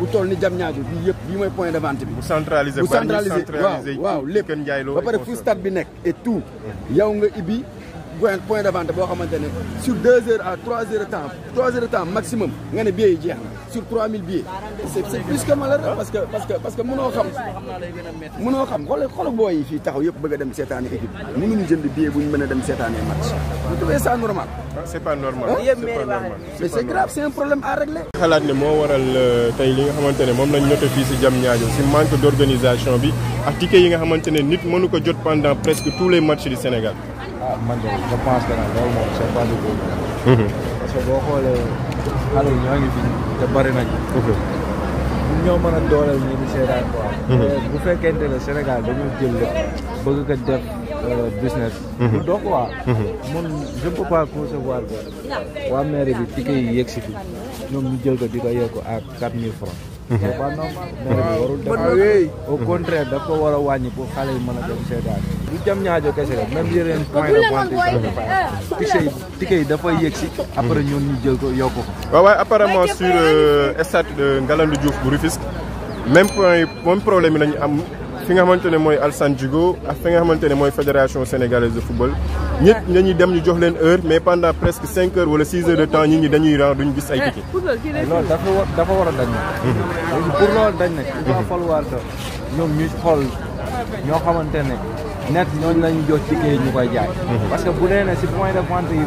bu toll ni jam ñaajo bii yëpp bii mooy point de vente bi. bu centralisé bu centralisé waaw waaw lépp ba pare fu stade bi nekk et tout yow nga ibi. point point de vente sur 2 heures à 3 heures de temps trois heures de temps maximum sur 3000 billets c'est plus que malade, parce que parce que parce que xam xam yi taxaw bëgg jënd billet match vous trouvez normal ah, hein? c'est pas normal mais c'est grave c'est un problème à régler xalaat ne waral euh, li nga lañ manque d'organisation bi ak ticket yi nga nit mënu pendant presque tous les matchs du Sénégal ah man de je pense que nag loolu moom c'est pas du tout parce que boo xoolee xale ñoo ngi fi te bari nañ ñun ñoo mën a dooleel ñi di seetaan quoi bu fekkente ne Sénégal dañoo jël lépp bëgg ko def business bu dox quoi mun je ne peux que waa bi ticket yi yegg si fi ñoom jël ko di ko yokk au contraire daf ko war a wàññi pour xale yi mën a dem seetaan du jam ñaajo kese même yeneen point de vente yi ticket yi dafay yëg après ñoom ñu jël ko yokk ko waaw waaye apparemment sur euh, stade de Ngalandou Diouf bu Rufisque même point yi problème lañu am fi nga xamantene moy mooy Alassane Djigo ak fi nga xamantene moy fédération sénégalaise de football ñet dañuy dem ñu jox leen heure mais pendant presque 5 heures wala 6 heures de temps ñi dañuy rang duñu gis ay eh, ticket. non dafa dafa wara a dañ mhm. pour loolu dañ nag. il va falloir que ñoom ñu xool ñoo xamante net ñooñu lañu jot ci kii ñu koy jaay. Mhm. parce que bu dee ne si point de vente yi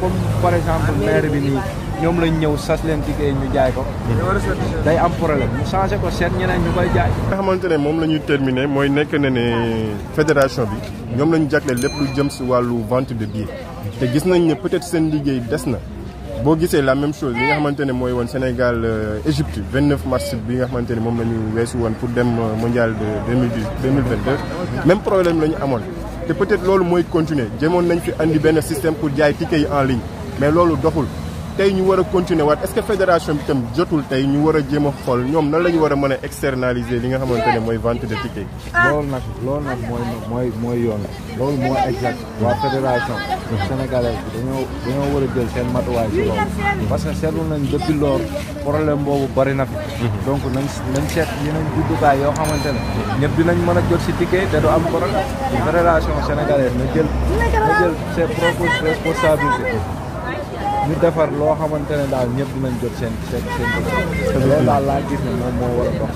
comme par exemple maire bi nii ñoom lañ ñëw sas leen ci kii ñu jaay ko. Mhm. day am problème ñu changé ko seet ñeneen ñu koy jaay. nga xamante ne moom la ñu terminé mooy nekk na ne fédération bi ñoom la ñu jagleel lépp lu jëm si wàllu vente de billets te gis nañ ne peut-être seen liggéey des na. bo gisee la même chose li nga xamantene moy won Sénégal euh, Égypte 29 mars bi nga xamantene mom lañu la won pour dem euh, mondial de 2022 même problème lañu amone et peut-être lolu moy continuer jëmoon nañ fi andi ben système pour jaay ticket en ligne mais lolu doxul tey ñu war a continuer waat est fédération bi tam jotul tey ñu war a jéem a xool ñoom nan la ñu war a mën a externaliser li nga xamante ne mooy vente de ticket yi. Ah. loolu nag loolu nag mooy mooy mooy yoon loolu moo exact waa fédération. sénégalaise bi dañoo dañoo war a jël seen matuwaay ci loolu. parce que seetlu nañ depuis loolu problème boobu bari na fi. Mhm. donc nañ nañ seet yeneen juddukaay yoo xamante ne. ñëpp dinañ mën a jot si ticket te du am problème. fédération sénégalaise na jël na jël ses propres ñu defar loo xamante ne daal ñëpp dinañ jot seen seen seen loolu daal laa gis ne moom moo war dox